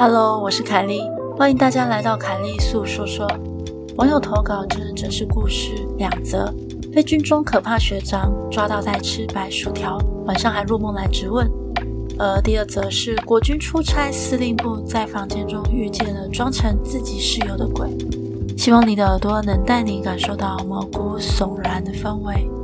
哈嘍，Hello, 我是凱莉，歡迎大家來到凱莉粟說說。網友投稿真人真事故事兩則：被軍中可怕學長抓到在吃白薯條，晚上還入夢來質問；而第二則是國軍出差，司令部在房間中遇見了裝成自己室友的鬼。希望你的耳朵能帶你感受到毛骨悚然的氛圍。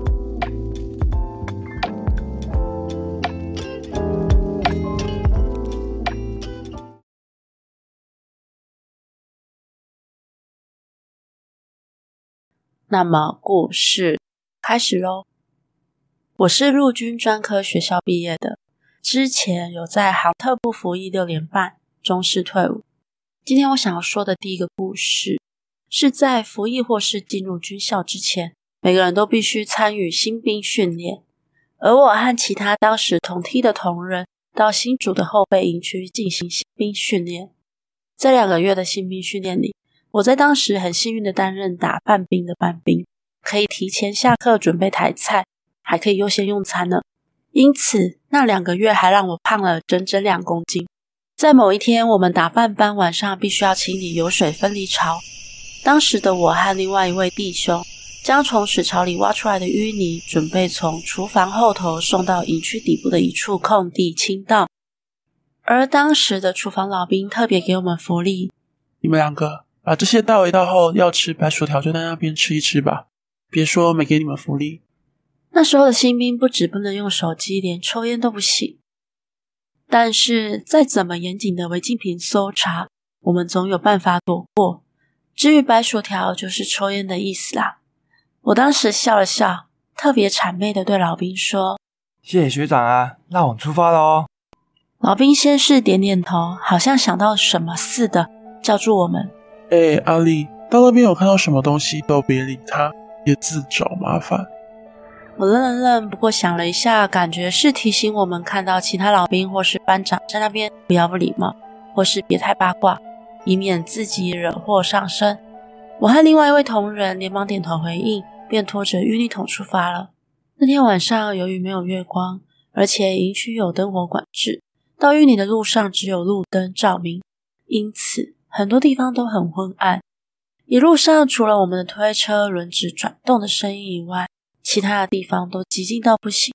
那麼故事開始嘍。我是陸軍專科學校畢業的，之前有在航特部服役六年半，中士退伍。今天我想要說的第一個故事，是在服役或是進入軍校之前，每個人都必須參與新兵訓練。而我和其他當時同梯的同仁，到新竹的後備營區進行新兵訓練。這兩個月的新兵訓練裡，我在當時很幸運地擔任打飯兵的班兵，可以提前下課準備台菜，還可以優先用餐呢。因此那兩個月還讓我胖了整整兩公斤。在某一天，我們打飯班晚上必須要清理油水分離槽。當時的我和另外一位弟兄將從水槽裡挖出來的淤泥，準備從廚房後頭送到營區底部的一處空地傾倒。而當時的廚房老兵特別給我們福利，你們兩個。把這些倒一倒後，要吃白薯條就在那邊吃一吃吧。別說沒給你們福利。那時候的新兵不止不能用手機，連抽煙都不行。但是再怎麼嚴謹的違禁品搜查，我們總有辦法躲過。至於白薯條，就是抽煙的意思啦。我當時笑了笑，特別諂媚的對老兵說：“謝謝學長啊，那我們出發了哦。”老兵先是點點頭，好像想到什麼似的，叫住我們。哎，阿力，到那邊有看到什麼東西都別理他，別自找麻煩。我愣了愣，不過想了一下，感覺是提醒我們看到其他老兵或是班長在那邊，不要不禮貌，或是別太八卦，以免自己惹禍上身。我和另外一位同仁連忙點頭回應，便拖着淤泥桶出發了。那天晚上，由於沒有月光，而且營區有燈火管制，到淤泥的路上只有路燈照明，因此，很多地方都很昏暗，一路上除了我們的推車輪子轉動的聲音以外，其他的地方都寂靜到不行。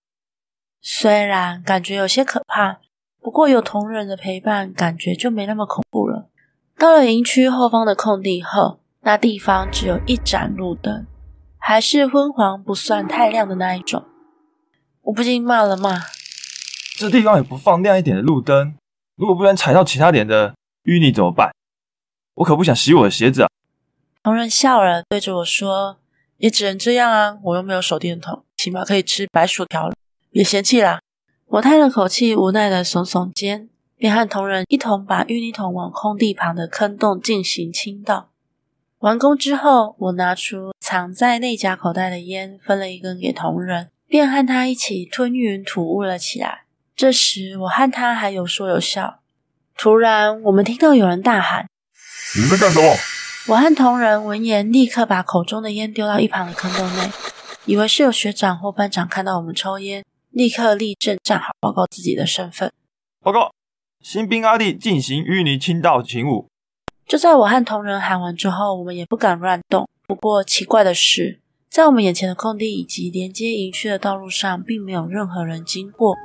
雖然感覺有些可怕，不過有同人的陪伴，感覺就沒那麼恐怖了。到了營區後方的空地後，那地方只有一盞路燈，還是昏黃不算太亮的那一種。我不禁罵了罵：“這地方也不放亮一點的路燈，如果不然踩到其他點的淤泥怎麼辦？”我可不想洗我的鞋子啊！同仁笑了，對着我說：“也只能這樣啊，我又沒有手電筒，起碼可以吃白薯條了，別嫌棄啦。”我嘆了口氣，無奈的聳聳肩，便和同仁一同把淤泥桶往空地旁的坑洞進行傾倒。完工之後，我拿出藏在內夾口袋的煙，分了一根給同仁，便和他一起吞雲吐霧了起來。這時，我和他還有說有笑，突然我們聽到有人大喊。你在幹什麼？我和同仁聞言立刻把口中的煙丟到一旁的坑洞內，以為是有學長或班長看到我們抽煙，立刻立正站好，報告自己的身份。報告，新兵阿力進行淤泥傾倒勤務。就在我和同仁喊完之後，我們也不敢亂動。不過奇怪的是，在我們眼前的空地以及連接營區的道路上，並沒有任何人經過。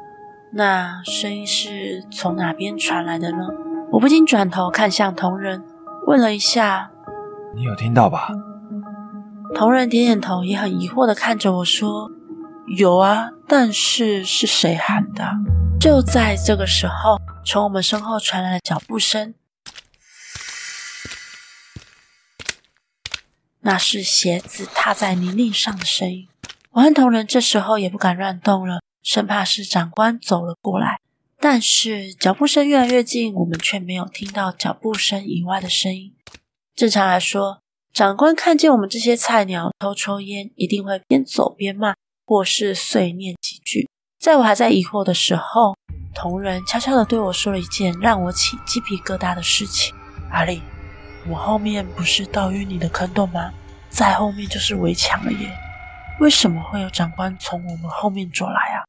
那聲音是從哪邊傳來的呢？我不禁轉頭看向同仁。問了一下，你有聽到吧？同仁點點頭，也很疑惑的看着我說：“有啊，但是是誰喊的？”就在這個時候，從我們身後傳來了腳步聲，那是鞋子踏在泥濘上的聲音。我和同仁這時候也不敢亂動了，生怕是長官走了過來。但是腳步聲越來越近，我們卻沒有聽到腳步聲以外的聲音。正常來說，長官看見我們這些菜鳥偷抽菸，一定會邊走邊罵，或是碎念幾句。在我還在疑惑的時候，同仁悄悄地對我說了一件讓我起雞皮疙瘩的事情：“阿力，我後面不是倒淤泥的坑洞嗎？再後面就是圍牆了耶，為什麼會有長官從我們後面走來啊？”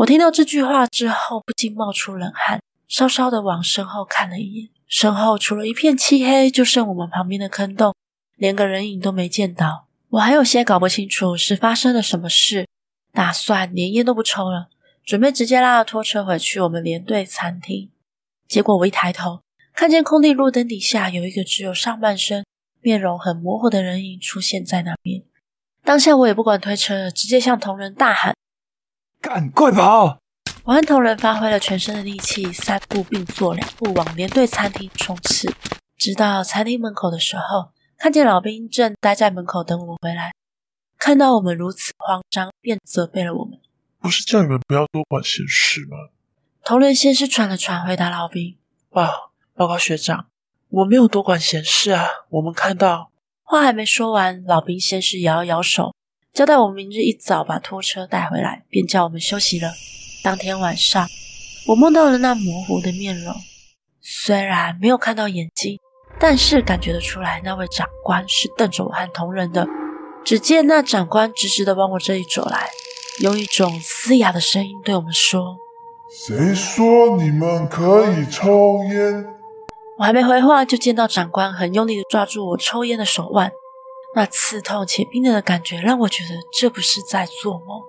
我聽到這句話之後，不禁冒出冷汗，稍稍的往身後看了一眼，身後除了一片漆黑，就剩我們旁邊的坑洞，連個人影都沒見到。我還有些搞不清楚是發生了什麼事，打算連菸都不抽了，準備直接拉着拖車回去我們連隊餐廳。結果我一抬頭，看見空地路燈底下有一個只有上半身、面容很模糊的人影出現在那邊。當下我也不管推車了，直接向同人大喊。趕快跑！我和同仁发揮了全身的力氣，三步併作兩步往連隊餐廳衝刺。直到餐廳門口的時候，看見老兵正待在門口等我們回來，看到我們如此慌張，便責備了我們：“不是叫你們不要多管閒事嗎？”同仁先是喘了喘，回答老兵：“啊，報告學長，我沒有多管閒事啊，我們看到……”話還沒說完，老兵先是搖了搖手。交代我明日一早把拖車帶回來，便叫我們休息了。當天晚上，我夢到了那模糊的面容，雖然沒有看到眼睛，但是感覺得出來那位長官是瞪着我和同仁的。只見那長官直直的往我這裡走來，用一種嘶啞的聲音對我們說：“誰說你們可以抽煙？”我還沒回話，就見到長官很用力的抓住我抽煙的手腕。那刺痛且冰冷的感覺讓我覺得這不是在做夢，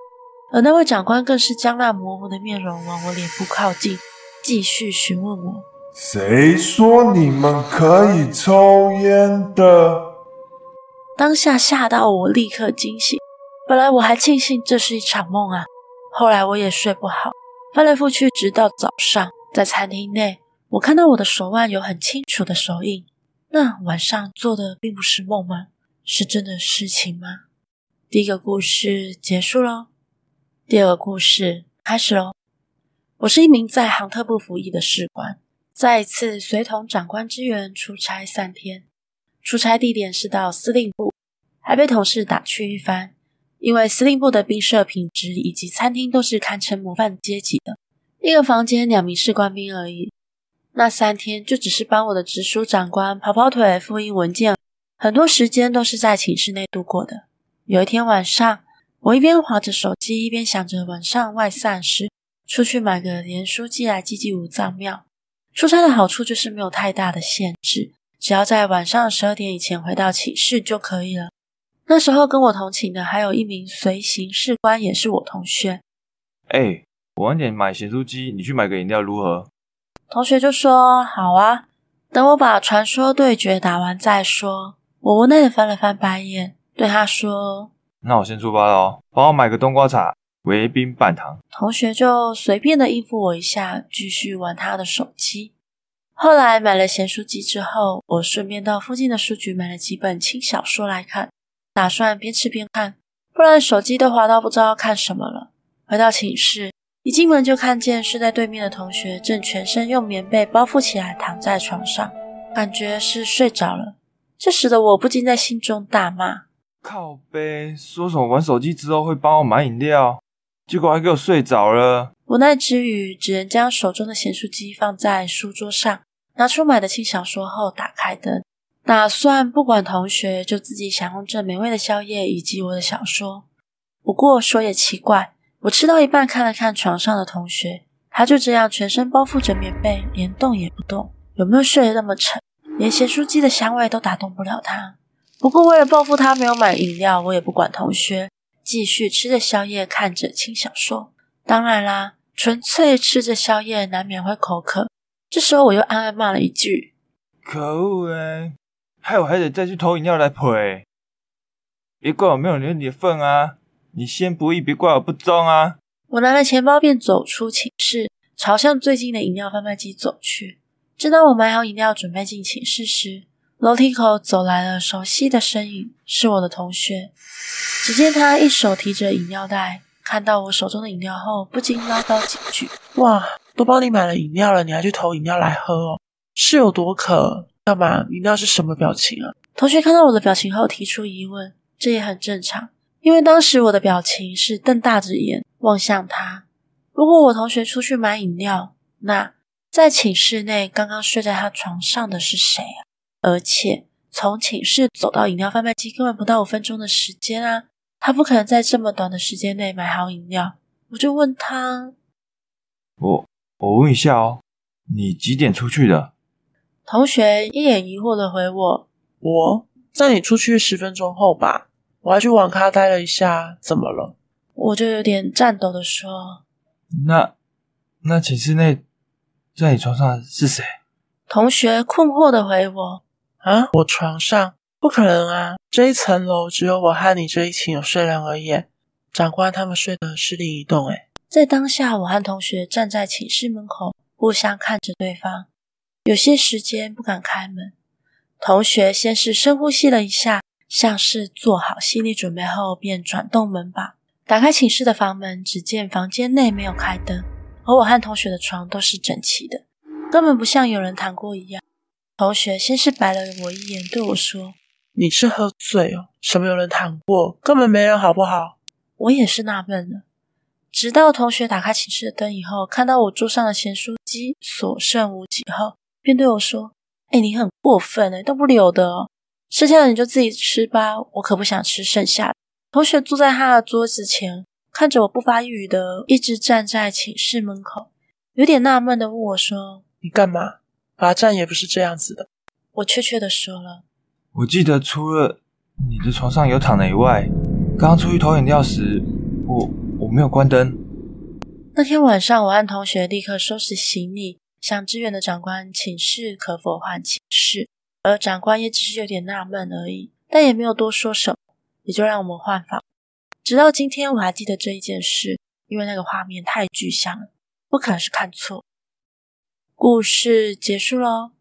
而那位長官更是將那模糊的面容往我臉部靠近，繼續詢問我：“誰說你們可以抽菸的？”當下嚇到我立刻驚醒。本來我還慶幸這是一場夢啊，後來我也睡不好，翻來覆去直到早上。在餐廳內，我看到我的手腕有很清楚的手印，那晚上做的並不是夢嗎？是真的事情嗎？第一個故事結束嘍，第二個故事開始嘍。我是一名在航特部服役的士官，再一次隨同長官支援出差三天，出差地點是到司令部，還被同事打趣一番，因為司令部的兵舍品質以及餐廳都是堪稱模範階級的，一個房間兩名士官兵而已。那三天就只是幫我的直屬長官跑跑腿、複印文件。很多時間都是在寢室內度過的。有一天晚上，我一邊滑着手機，一邊想着晚上外散時出去買個鹽酥雞來祭祭五臟廟。出差的好處就是沒有太大的限制，只要在晚上十二點以前回到寢室就可以了。那時候跟我同寢的還有一名隨行士官，也是我同學。哎，我晚點買鹹酥雞，你去買個飲料如何？同學就說好啊，等我把傳說對決打完再說。我無奈的翻了翻白眼，對他說：“那我先出發了哦，幫我買個冬瓜茶，微冰半糖。”同學就隨便的應付我一下，繼續玩他的手機。後來買了鹹酥雞之後，我順便到附近的書局買了幾本輕小說來看，打算邊吃邊看，不然手機都滑到不知道看什麼了。回到寢室，一進門就看見睡在對面的同學正全身用棉被包覆起來躺在床上，感覺是睡着了。這時的我不禁在心中大罵：“靠杯！說什麼玩手機之後會幫我買飲料，結果還給我睡着了。”無奈之餘，只能將手中的鹹酥雞放在書桌上，拿出買的輕小說後打開燈，打算不管同學，就自己享用這美味的宵夜以及我的小說。不過說也奇怪，我吃到一半看了看床上的同學，他就這樣全身包覆着棉被，連動也不動，有沒有睡得那麼沉？連鹹酥雞的香味都打動不了他。不過為了報復他沒有買飲料，我也不管同學，繼續吃着宵夜，看着輕小說。當然啦，純粹吃着宵夜難免會口渴。這時候我又暗暗罵了一句：“可惡哎，害我還得再去偷飲料來賠。”別怪我沒有留你的份啊！你先不義，別怪我不忠啊！我拿了錢包，便走出寢室，朝向最近的飲料販賣機走去。正當我買好飲料準備進寢室時，樓梯口走來了熟悉的身影，是我的同學。只見他一手提着飲料袋，看到我手中的飲料後，不禁嘮叨幾句：“哇，都幫你買了飲料了，你還去投飲料來喝哦，是有多渴？幹嘛？你那是什麼表情啊？”同學看到我的表情後提出疑問，這也很正常，因為當時我的表情是瞪大着眼望向他。如果我同學出去買飲料，那……在寢室內，剛剛睡在他床上的是誰啊？而且從寢室走到飲料販賣機，根本不到五分鐘的時間啊！他不可能在這麼短的時間內買好飲料。我就問他：“我我問一下哦，你幾點出去的？”同學一臉疑惑的回我：“我在你出去十分鐘後吧，我還去網咖待了一下。”怎麼了？我就有點顫抖的說：“那那寢室內……”在你床上的是誰？同學困惑的回我：“啊，我床上不可能啊！這一層樓只有我和你這一寢有睡兩人而已。”長官他們睡的是另一棟。欸，哎，在當下，我和同學站在寢室門口，互相看着對方，有些時間不敢開門。同學先是深呼吸了一下，像是做好心理準備後，便轉動門把，打開寢室的房門，只見房間內沒有開燈。而我和同學的床都是整齊的，根本不像有人躺過一樣。同學先是白了我一眼，對我說：“你是喝醉哦，什麼有人躺過？根本沒人，好不好？”我也是納悶了，直到同學打開寢室的燈以後，看到我桌上的鹹酥雞所剩無幾後，便對我說：“哎，你很過分誒，哎，都不留的哦，剩下的你就自己吃吧，我可不想吃剩下的。”同學坐在他的桌子前，看着我不發一語的一直站在寢室門口，有點納悶的問我說：“你幹嘛？罰站也不是這樣子的。”我確切的說了：“我記得除了你的床上有躺的以外，剛剛出去偷飲料時，我我沒有關燈。”那天晚上，我按同學立刻收拾行李，向支援的長官請示可否換寢室，而長官也只是有點納悶而已，但也沒有多說什麼，也就讓我們換房。直到今天，我還記得這一件事，因為那個畫面太具象了，不可能是看錯。故事結束嘍，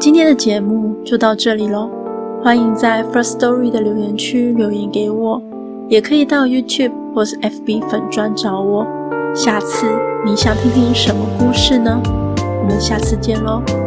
今天的節目就到這裡嘍。歡迎在 First Story 的留言區留言給我，也可以到 YouTube 或是 FB 粉專找我。下次你想聽聽什麼故事呢？我們下次見嘍。